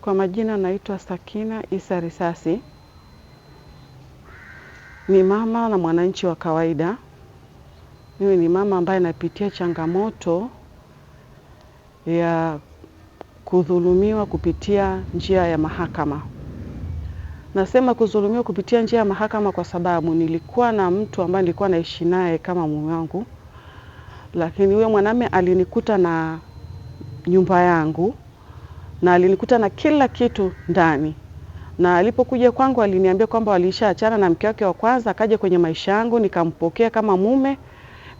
Kwa majina naitwa Sakina Isa Risasi, ni mama na mwananchi wa kawaida. Mimi ni mama ambaye napitia changamoto ya kudhulumiwa kupitia njia ya mahakama. Nasema kudhulumiwa kupitia njia ya mahakama kwa sababu nilikuwa na mtu ambaye nilikuwa naishi naye kama mume wangu, lakini huyo mwanamume alinikuta na nyumba yangu na alinikuta na kila kitu ndani, na alipokuja kwangu aliniambia kwamba walishaachana na mke wake wa kwanza, akaja kwenye maisha yangu, nikampokea kama mume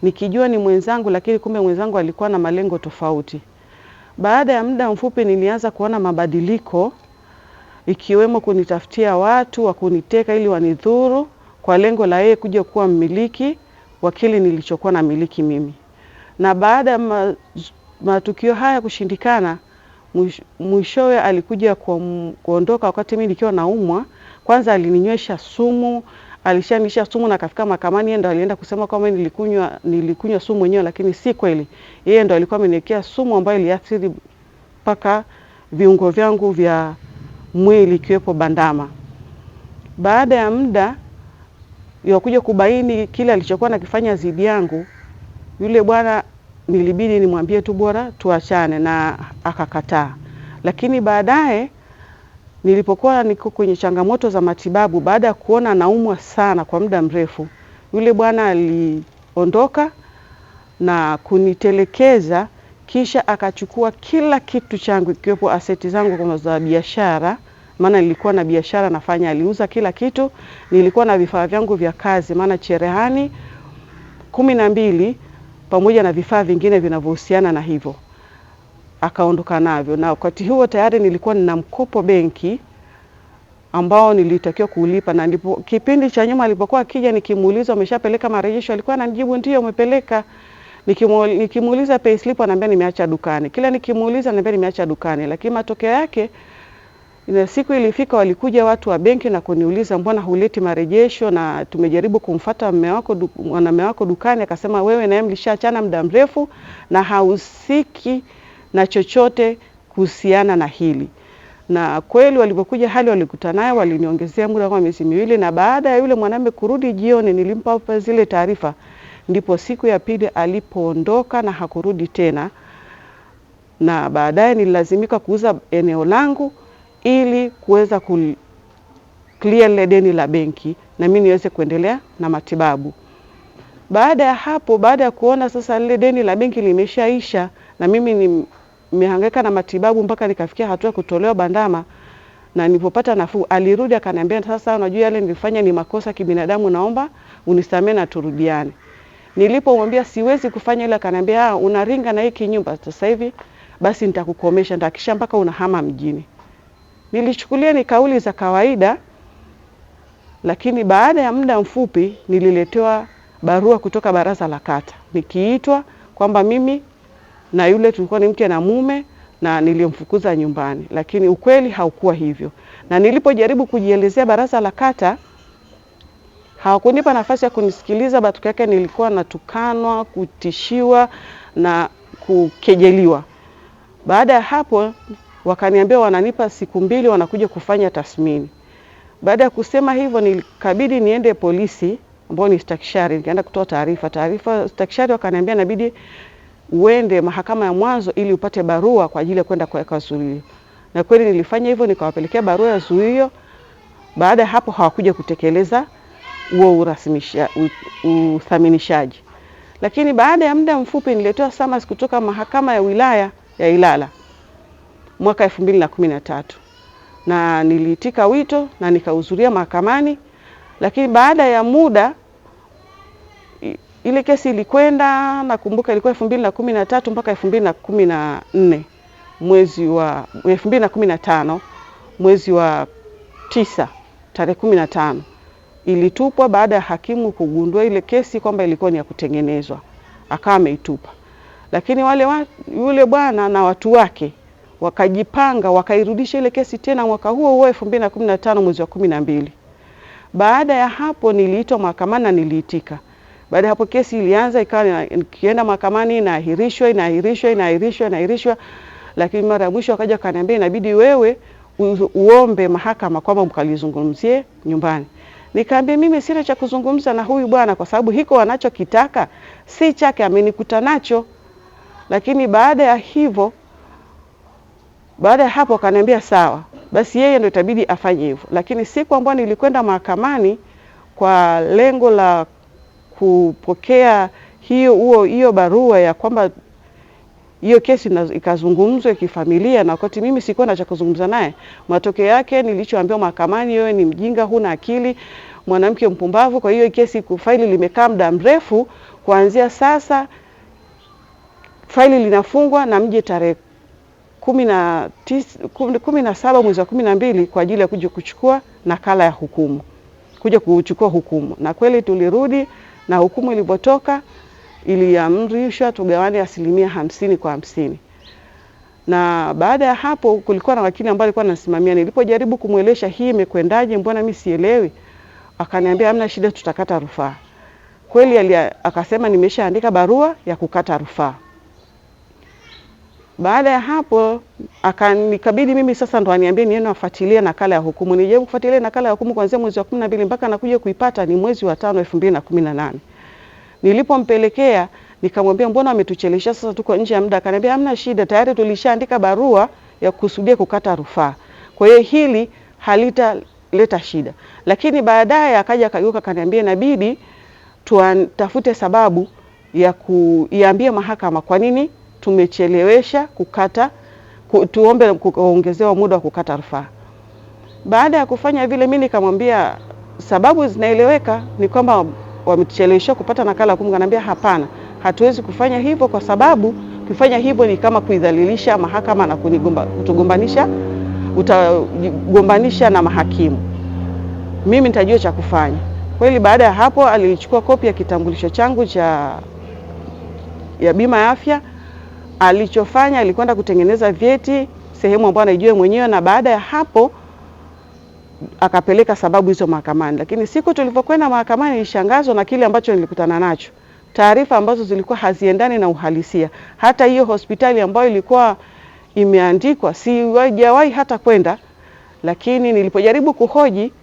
nikijua ni mwenzangu, lakini kumbe mwenzangu alikuwa na malengo tofauti. Baada ya muda mfupi nilianza kuona mabadiliko ikiwemo kunitafutia watu wa kuniteka ili wanidhuru kwa lengo la yeye kuja kuwa mmiliki wa kile nilichokuwa na miliki mimi. Na baada ya matukio haya kushindikana, Mwishowe alikuja kuondoka wakati mimi nikiwa naumwa. Kwanza alininywesha sumu, alishanisha sumu na kafika mahakamani, yeye ndo alienda kusema kwamba nilikunywa nilikunywa sumu mwenyewe, lakini si kweli. Yeye ndo alikuwa ameniwekea sumu ambayo iliathiri mpaka viungo vyangu vya mwili ikiwepo bandama. Baada ya muda ya kuja kubaini kile alichokuwa nakifanya dhidi yangu, yule bwana nilibidi nimwambie tu bora tuachane, na akakataa. Lakini baadaye nilipokuwa niko kwenye changamoto za matibabu, baada ya kuona naumwa sana kwa muda mrefu, yule bwana aliondoka na kunitelekeza, kisha akachukua kila kitu changu, ikiwepo aseti zangu za biashara maana nilikuwa na biashara nafanya, aliuza kila kitu. Nilikuwa na vifaa vyangu vya kazi, maana cherehani kumi na mbili pamoja na vifaa vingine vinavyohusiana na hivyo, akaondoka navyo. Na wakati huo tayari nilikuwa nina mkopo benki ambao nilitakiwa kuulipa, na ndipo kipindi cha nyuma alipokuwa akija nikimuuliza umeshapeleka marejesho, alikuwa ananijibu ndio, umepeleka. Nikimuuliza payslip, anaambia nimeacha dukani. Kila nikimuuliza, anaambia nimeacha dukani, lakini matokeo yake Ina siku ilifika, walikuja watu wa benki na kuniuliza mbona huleti marejesho, na tumejaribu kumfata mume wako mwanamume wako dukani, akasema wewe naye mlishaachana muda mrefu na hahusiki na chochote kuhusiana na hili. Na kweli walipokuja hali walikuta naye, waliniongezea muda kwa miezi miwili, na baada ya yule mwanamume kurudi jioni, nilimpa zile taarifa, ndipo siku ya pili alipoondoka na hakurudi tena, na baadaye nililazimika kuuza eneo langu ili kuweza ku clear lile deni la benki na mimi niweze kuendelea na matibabu. Baada ya hapo, baada ya kuona sasa lile deni la benki limeshaisha na mimi nimehangaika na matibabu mpaka nikafikia hatua ya kutolewa bandama na nilipopata nafuu alirudi akaniambia, sasa unajua yale nilifanya ni makosa kibinadamu, naomba unisamehe na turudiane. Nilipomwambia siwezi kufanya ile, akaniambia ah, unaringa na hiki nyumba sasa hivi, basi nitakukomesha, nitahakikisha mpaka unahama mjini. Nilichukulia ni kauli za kawaida, lakini baada ya muda mfupi nililetewa barua kutoka baraza la kata nikiitwa kwamba mimi na yule tulikuwa ni mke na mume na nilimfukuza nyumbani, lakini ukweli haukuwa hivyo. Na nilipojaribu kujielezea baraza la kata, hawakunipa nafasi ya kunisikiliza. Batuka yake nilikuwa natukanwa, kutishiwa na kukejeliwa. Baada ya hapo wakaniambia wananipa siku mbili, wanakuja kufanya tathmini. Baada ya kusema hivyo, nilikabidi niende polisi ambao ni stakishari, nikaenda kutoa taarifa. Taarifa stakishari wakaniambia inabidi uende mahakama ya mwanzo ili upate barua kwa ajili ya kwenda kuweka zuio, na kweli nilifanya hivyo, nikawapelekea barua ya zuio. Baada ya hapo hawakuja kutekeleza huo urasimisha uthaminishaji, lakini baada ya muda mfupi niletewa summons kutoka mahakama ya wilaya ya Ilala mwaka mbili na kumi na na tatu niliitika wito na nikahudhuria mahakamani, lakini baada ya muda ile kesi ilikwenda, nakumbuka ilikuwa na na kumi tatu mpaka elfu mbili na na kumi nne mwezi wa tano mwezi wa tisa tarehe kumi na tano ilitupwa baada ya hakimu kugundua ile kesi kwamba ilikuwa ni ya kutengenezwa, akawa ameitupa. Lakini wale wa, yule bwana na watu wake wakajipanga wakairudisha ile kesi tena mwaka huo huo 2015 mwezi wa 12. Baada ya hapo niliitwa mahakamani na niliitika. Baada ya hapo kesi ilianza ikawa nikienda mahakamani inaahirishwa inaahirishwa inaahirishwa inaahirishwa, lakini mara ya mwisho akaja akaniambia inabidi wewe uombe mahakama kwamba mkalizungumzie nyumbani. Nikaambia mimi sina cha kuzungumza na huyu bwana kwa sababu hiko wanachokitaka si chake, amenikuta nacho. Lakini baada ya hivyo baada ya hapo akaniambia sawa, basi yeye ndio itabidi afanye hivyo, lakini siku ambayo nilikwenda mahakamani kwa lengo la kupokea hiyo huo hiyo barua ya kwamba hiyo kesi ikazungumzwe kifamilia, na wakati mimi sikuwa na cha kuzungumza naye, matokeo yake nilichoambiwa mahakamani, wewe ni mjinga, huna akili, mwanamke mpumbavu. Kwa hiyo kesi faili limekaa muda mrefu, kuanzia sasa faili linafungwa na mje tarehe kumi na saba mwezi wa kumi na mbili kwa ajili ya kuja kuchukua nakala ya hukumu, kuja kuchukua hukumu, na kweli tulirudi na hukumu ilipotoka iliamrishwa tugawane asilimia hamsini kwa hamsini na baada ya hapo kulikuwa na wakili ambaye alikuwa anasimamia. Nilipojaribu kumwelesha hii imekwendaje, mbona mimi sielewi, akaniambia hamna shida, tutakata rufaa. Kweli akasema nimeshaandika barua ya kukata rufaa. Baada ya hapo akanikabidi mimi sasa ndo aniambie niende afuatilie nakala ya hukumu. Nilijaribu kufuatilia nakala ya hukumu kuanzia mwezi wa 12 mpaka nakuja kuipata ni mwezi wa 5 2018. Nilipompelekea nikamwambia, mbona ametuchelesha sasa tuko nje ya muda? Akaniambia hamna shida, tayari tulishaandika barua ya kusudia kukata rufaa. Kwa hiyo hili halitaleta shida. Lakini baadaye akaja akageuka akaniambia inabidi tuatafute sababu ya kuiambia mahakama kwa nini tumechelewesha kukata ku, tuombe kuongezewa muda wa kukata rufaa. Baada ya kufanya vile, mimi nikamwambia sababu zinaeleweka, ni kwamba wamechelewesha kupata nakala ya kumu. Kaniambia hapana, hatuwezi kufanya hivyo kwa sababu kufanya hivyo ni kama kuidhalilisha mahakama na kunigomba, kutugombanisha, utagombanisha na mahakimu. Mimi nitajua cha kufanya. Kweli baada ya hapo, alichukua kopi ya kitambulisho changu cha ya bima ya afya Alichofanya alikwenda kutengeneza vyeti sehemu ambayo anaijua mwenyewe, na baada ya hapo akapeleka sababu hizo mahakamani. Lakini siku tulivyokwenda mahakamani, nilishangazwa na kile ambacho nilikutana nacho, taarifa ambazo zilikuwa haziendani na uhalisia. Hata hiyo hospitali ambayo ilikuwa imeandikwa sijawahi hata kwenda, lakini nilipojaribu kuhoji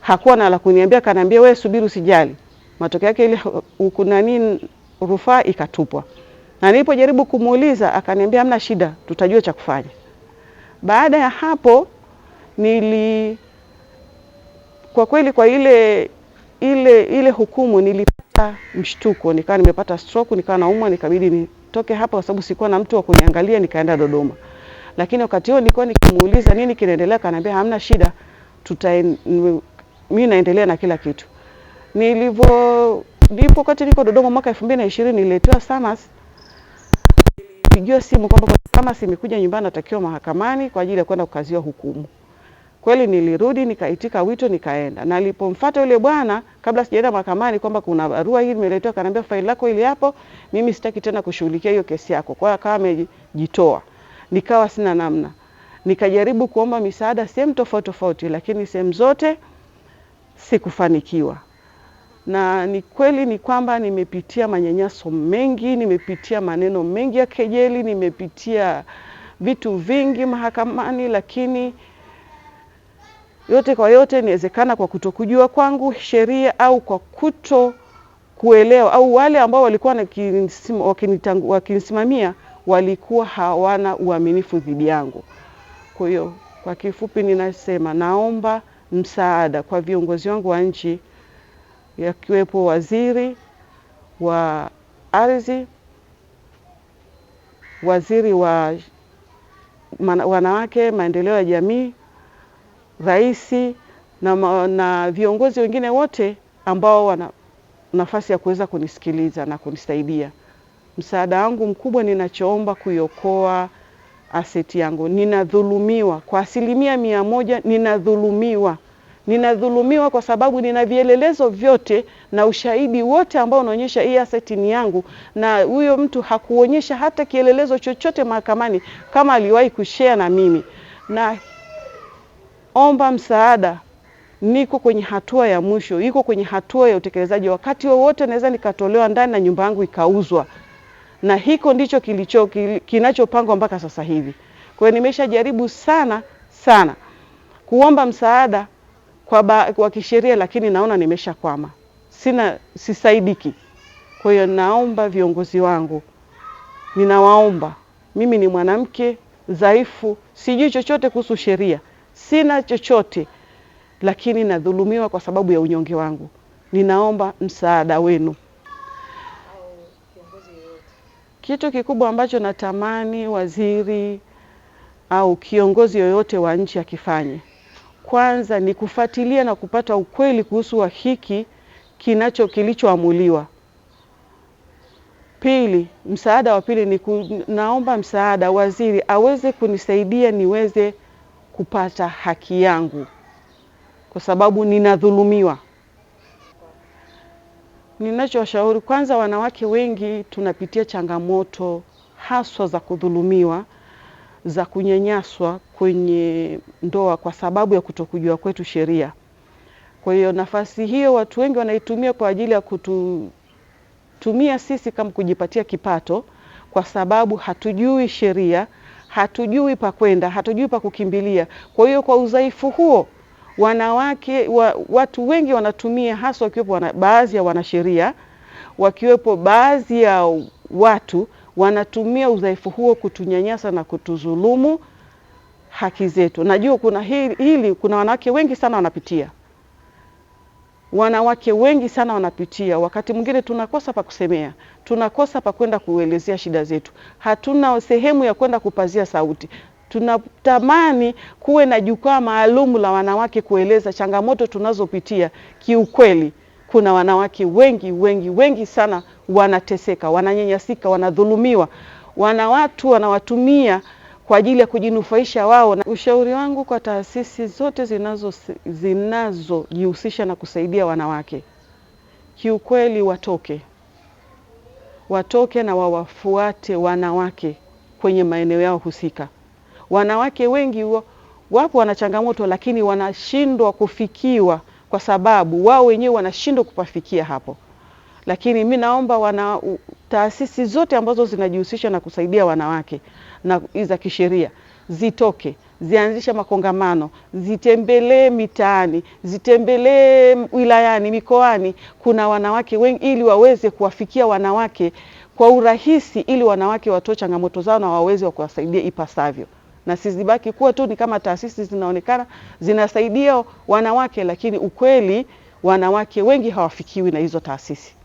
hakuwa na la kuniambia, kanaambia wewe subiri, usijali. Matokeo yake ile ukunani rufaa ikatupwa na nilipojaribu kumuuliza akaniambia hamna shida, tutajua cha kufanya. Baada ya hapo nili kwa kweli kwa ile ile ile hukumu nilipata mshtuko, nikawa nimepata stroke, nikawa naumwa, nikabidi nitoke hapa kwa sababu sikuwa na mtu wa kuniangalia, nikaenda Dodoma. Lakini wakati huo nilikuwa nikimuuliza nini kinaendelea, kaniambia hamna shida, tuta mimi naendelea na kila kitu. Nilivyo ndipo wakati niko Dodoma mwaka 2020 nililetewa SAMAS nilipigiwa simu kwamba kama simekuja nyumbani natakiwa mahakamani kwa ajili ya kwenda kukaziwa hukumu. Kweli nilirudi nikaitika wito nikaenda. nilipomfuata yule bwana kabla sijaenda mahakamani kwamba kuna barua hii nimeletewa, kaniambia faili lako ili hapo, mimi sitaki tena kushughulikia hiyo kesi yako. Kwa hiyo akawa amejitoa. Nikawa sina namna. Nikajaribu kuomba misaada sehemu tofauti tofauti, lakini sehemu zote sikufanikiwa na ni kweli ni kwamba nimepitia manyanyaso mengi, nimepitia maneno mengi ya kejeli, nimepitia vitu vingi mahakamani, lakini yote kwa yote inawezekana kwa kutokujua kwangu sheria au kwa kuto kuelewa au wale ambao walikuwa wakinisimamia walikuwa hawana uaminifu dhidi yangu. Kwa hiyo kwa kifupi, ninasema naomba msaada kwa viongozi wangu wa nchi yakiwepo waziri wa ardhi, waziri wa wanawake, maendeleo ya jamii, rais na, na viongozi wengine wote ambao wana nafasi ya kuweza kunisikiliza na kunisaidia. Msaada wangu mkubwa, ninachoomba kuiokoa aseti yangu. Ninadhulumiwa kwa asilimia mia moja, ninadhulumiwa ninadhulumiwa kwa sababu nina vielelezo vyote na ushahidi wote ambao unaonyesha hii asset ni yangu, na huyo mtu hakuonyesha hata kielelezo chochote mahakamani kama aliwahi kushare na mimi. Na omba msaada, niko kwenye hatua ya mwisho, iko kwenye hatua ya utekelezaji. Wakati wowote naweza nikatolewa ndani na nyumba yangu ikauzwa, na hiko ndicho kilicho kinachopangwa mpaka sasa hivi. Kwa hiyo nimeshajaribu sana sana kuomba msaada kwa kisheria, lakini naona nimeshakwama, sina sisaidiki. Kwa hiyo naomba viongozi wangu, ninawaomba, mimi ni mwanamke dhaifu, sijui chochote kuhusu sheria, sina chochote, lakini nadhulumiwa kwa sababu ya unyonge wangu. Ninaomba msaada wenu. Kitu kikubwa ambacho natamani waziri au kiongozi yoyote wa nchi akifanye kwanza ni kufuatilia na kupata ukweli kuhusu wa hiki kinacho kilichoamuliwa. Pili, msaada wa pili ni naomba msaada waziri aweze kunisaidia niweze kupata haki yangu kwa sababu ninadhulumiwa. Ninachowashauri kwanza, wanawake wengi tunapitia changamoto haswa za kudhulumiwa za kunyanyaswa kwenye ndoa kwa sababu ya kutokujua kwetu sheria. Kwa hiyo nafasi hiyo watu wengi wanaitumia kwa ajili ya kututumia sisi kama kujipatia kipato, kwa sababu hatujui sheria, hatujui pa kwenda, hatujui pa kukimbilia. Kwa hiyo kwa udhaifu huo wanawake wa, watu wengi wanatumia hasa wakiwepo wana, baadhi ya wanasheria wakiwepo baadhi ya watu wanatumia udhaifu huo kutunyanyasa na kutuzulumu haki zetu. Najua kuna hili, hili kuna wanawake wengi sana wanapitia, wanawake wengi sana wanapitia. Wakati mwingine tunakosa pa kusemea, tunakosa pa kwenda kuelezea shida zetu, hatuna sehemu ya kwenda kupazia sauti. Tunatamani kuwe na jukwaa maalumu la wanawake kueleza changamoto tunazopitia. Kiukweli kuna wanawake wengi wengi wengi sana wanateseka, wananyanyasika, wanadhulumiwa, wana watu wanawatumia kwa ajili ya kujinufaisha wao. Na ushauri wangu kwa taasisi zote zinazojihusisha na kusaidia wanawake, kiukweli, watoke watoke na wawafuate wanawake kwenye maeneo yao husika. Wanawake wengi wapo wana changamoto, lakini wanashindwa kufikiwa kwa sababu wao wenyewe wanashindwa kupafikia hapo lakini mi naomba wana taasisi zote ambazo zinajihusisha na kusaidia wanawake na za kisheria zitoke zianzishe makongamano, zitembelee mitaani, zitembelee wilayani, mikoani, kuna wanawake wengi, ili waweze kuwafikia wanawake kwa urahisi, ili wanawake watoe changamoto zao na waweze wa kuwasaidia ipasavyo, na sizibaki kuwa tu ni kama taasisi zinaonekana zinasaidia wanawake, lakini ukweli wanawake wengi hawafikiwi na hizo taasisi.